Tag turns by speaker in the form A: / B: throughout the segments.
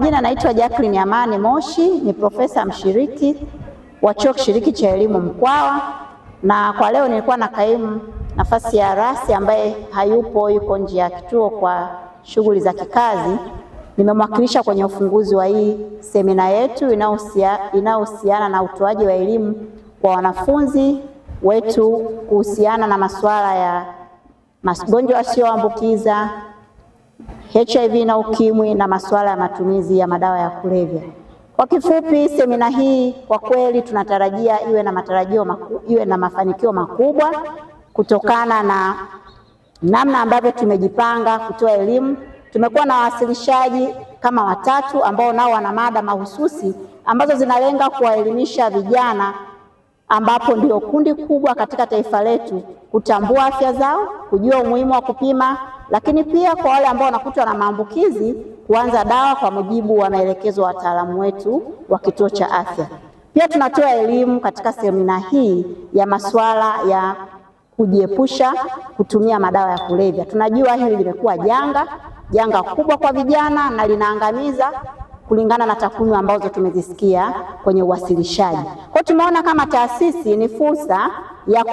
A: majina naitwa Jacqueline Amani Moshi, ni profesa mshiriki wa chuo kishiriki cha elimu Mkwawa, na kwa leo nilikuwa na kaimu nafasi ya rasi ambaye hayupo, yuko nje ya kituo kwa shughuli za kikazi. Nimemwakilisha kwenye ufunguzi wa hii semina yetu inayohusiana na utoaji wa elimu kwa wanafunzi wetu kuhusiana na masuala ya magonjwa yasiyoambukiza HIV na ukimwi na masuala ya matumizi ya madawa ya kulevya. Kwa kifupi, semina hii kwa kweli tunatarajia iwe na matarajio maku, iwe na mafanikio makubwa kutokana na namna ambavyo tumejipanga kutoa elimu. Tumekuwa na wawasilishaji kama watatu ambao nao wana mada mahususi ambazo zinalenga kuwaelimisha vijana ambapo ndio kundi kubwa katika taifa letu, kutambua afya zao, kujua umuhimu wa kupima lakini pia kwa wale ambao wanakutwa na maambukizi, kuanza dawa kwa mujibu wa maelekezo ya wataalamu wetu wa kituo cha afya. Pia tunatoa elimu katika semina hii ya masuala ya kujiepusha kutumia madawa ya kulevya. Tunajua hili limekuwa janga janga kubwa kwa vijana na linaangamiza kulingana na takwimu ambazo tumezisikia kwenye uwasilishaji. Kwa tumeona kama taasisi ni fursa ya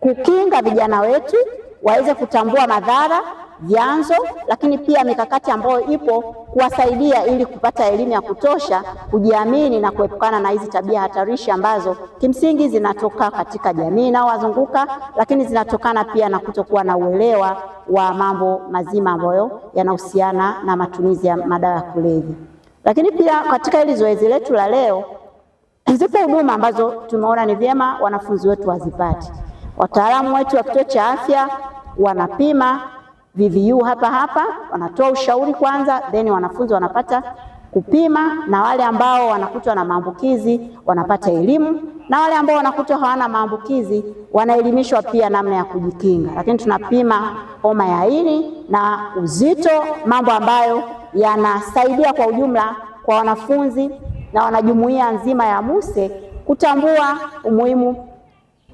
A: kukinga vijana wetu waweze kutambua madhara vyanzo, lakini pia mikakati ambayo ipo kuwasaidia ili kupata elimu ya kutosha, kujiamini na kuepukana na hizi tabia hatarishi ambazo kimsingi zinatoka katika jamii inaowazunguka lakini zinatokana pia na kutokuwa na uelewa wa mambo mazima ambayo yanahusiana na matumizi ya madawa ya kulevya. Lakini pia katika hili zoezi letu la leo, zipo huduma ambazo tumeona ni vyema wanafunzi wetu wazipate. Wataalamu wetu wa kituo cha afya wanapima VVU hapa hapa wanatoa ushauri kwanza, then wanafunzi wanapata kupima, na wale ambao wanakutwa na maambukizi wanapata elimu, na wale ambao wanakutwa hawana maambukizi wanaelimishwa pia namna ya kujikinga. Lakini tunapima homa ya ini na uzito, mambo ambayo yanasaidia kwa ujumla kwa wanafunzi na wanajumuiya nzima ya MUCE kutambua umuhimu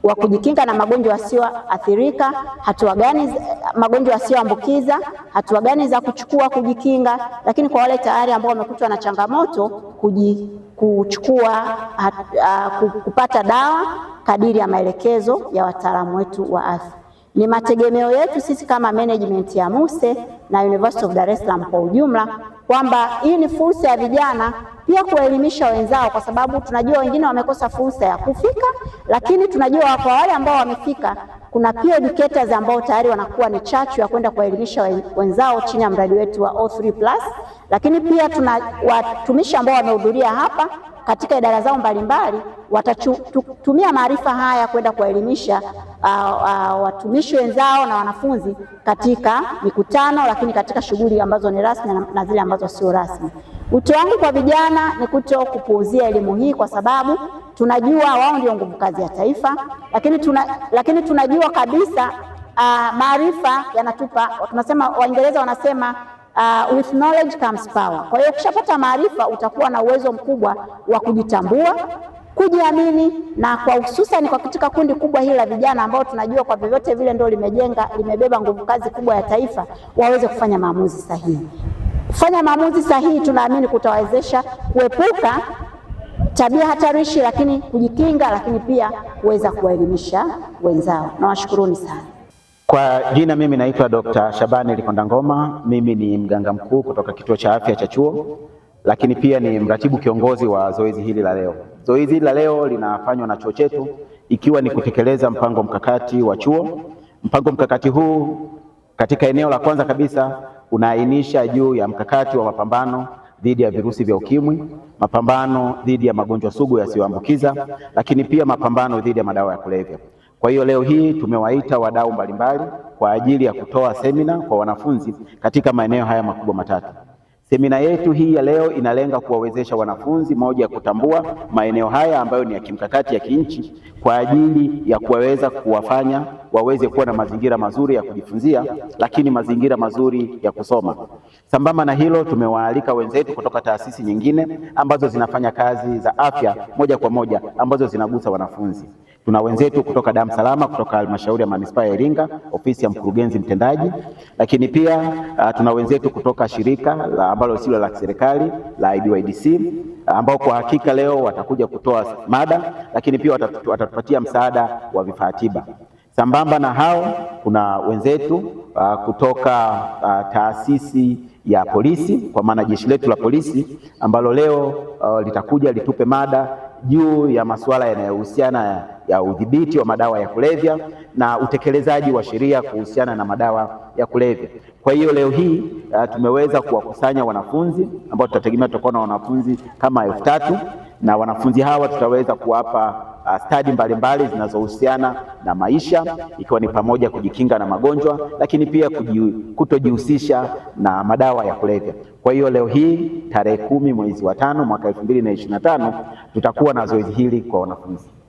A: wa kujikinga na magonjwa yasiyoathirika, hatua gani magonjwa yasiyoambukiza, hatua gani za kuchukua kujikinga, lakini kwa wale tayari ambao wamekutwa na changamoto kuji, kuchukua hat, uh, kupata dawa kadiri ya maelekezo ya wataalamu wetu wa afya. Ni mategemeo yetu sisi kama management ya MUSE na University of Dar es Salaam kwa ujumla kwamba hii ni fursa ya vijana pia kuwaelimisha wenzao, kwa sababu tunajua wengine wamekosa fursa ya kufika, lakini tunajua kwa wale ambao wamefika kuna peer educators ambao tayari wanakuwa ni chachu ya kwenda kuwaelimisha wenzao chini ya mradi wetu wa O3+, lakini pia tuna watumishi ambao wamehudhuria hapa katika idara zao mbalimbali watatumia maarifa haya kwenda kuwaelimisha uh, uh, watumishi wenzao na wanafunzi katika mikutano, lakini katika shughuli ambazo ni rasmi na, na zile ambazo sio rasmi. Wito wangu kwa vijana ni kuto kupuuzia elimu hii kwa sababu Tunajua wao ndio nguvu kazi ya taifa, lakini, tuna, lakini tunajua kabisa uh, maarifa yanatupa, tunasema Waingereza wanasema uh, with knowledge comes power. Kwa hiyo ukishapata maarifa utakuwa na uwezo mkubwa wa kujitambua, kujiamini na kwa hususani kwa katika kundi kubwa hili la vijana ambao tunajua kwa vyovyote vile ndio limejenga limebeba nguvu kazi kubwa ya taifa, waweze kufanya maamuzi sahihi. Kufanya maamuzi sahihi tunaamini kutawezesha kuepuka tabia hatarishi, lakini kujikinga, lakini pia kuweza kuwaelimisha wenzao. Nawashukuruni sana.
B: Kwa jina mimi naitwa Dr. Shabani Likonda Ngoma. Mimi ni mganga mkuu kutoka kituo cha afya cha chuo, lakini pia ni mratibu kiongozi wa zoezi hili la leo. Zoezi hili la leo linafanywa na chuo chetu ikiwa ni kutekeleza mpango mkakati wa chuo. Mpango mkakati huu katika eneo la kwanza kabisa unaainisha juu ya mkakati wa mapambano dhidi ya virusi vya ukimwi, mapambano dhidi ya magonjwa sugu yasiyoambukiza, lakini pia mapambano dhidi ya madawa ya kulevya. Kwa hiyo leo hii tumewaita wadau mbalimbali kwa ajili ya kutoa semina kwa wanafunzi katika maeneo haya makubwa matatu. Semina yetu hii ya leo inalenga kuwawezesha wanafunzi, moja, ya kutambua maeneo haya ambayo ni ya kimkakati ya kinchi kwa ajili ya kuwaweza kuwafanya waweze kuwa na mazingira mazuri ya kujifunzia, lakini mazingira mazuri ya kusoma. Sambamba na hilo, tumewaalika wenzetu kutoka taasisi nyingine ambazo zinafanya kazi za afya moja kwa moja ambazo zinagusa wanafunzi. Tuna wenzetu kutoka es Salama kutoka halmashauri ya manispaa ya Iringa, ofisi ya mkurugenzi mtendaji, lakini pia uh, tuna wenzetu kutoka shirika la ambalo silo la serikali la IDYDC ambao kwa hakika leo watakuja kutoa mada, lakini pia watatupatia msaada wa vifaa tiba. Sambamba na hao kuna wenzetu uh, kutoka uh, taasisi ya polisi kwa maana jeshi letu la polisi ambalo leo uh, litakuja litupe mada juu ya masuala yanayohusiana ya udhibiti wa madawa ya kulevya na utekelezaji wa sheria kuhusiana na madawa ya kulevya. Kwa hiyo leo hii uh, tumeweza kuwakusanya wanafunzi ambao tutategemea tutakuwa na wanafunzi kama elfu tatu na wanafunzi hawa tutaweza kuwapa uh, stadi mbalimbali zinazohusiana na maisha ikiwa ni pamoja kujikinga na magonjwa, lakini pia kutojihusisha na madawa ya kulevya. Kwa hiyo leo hii tarehe kumi mwezi wa tano mwaka elfu mbili na ishirini na tano tutakuwa na zoezi hili kwa wanafunzi.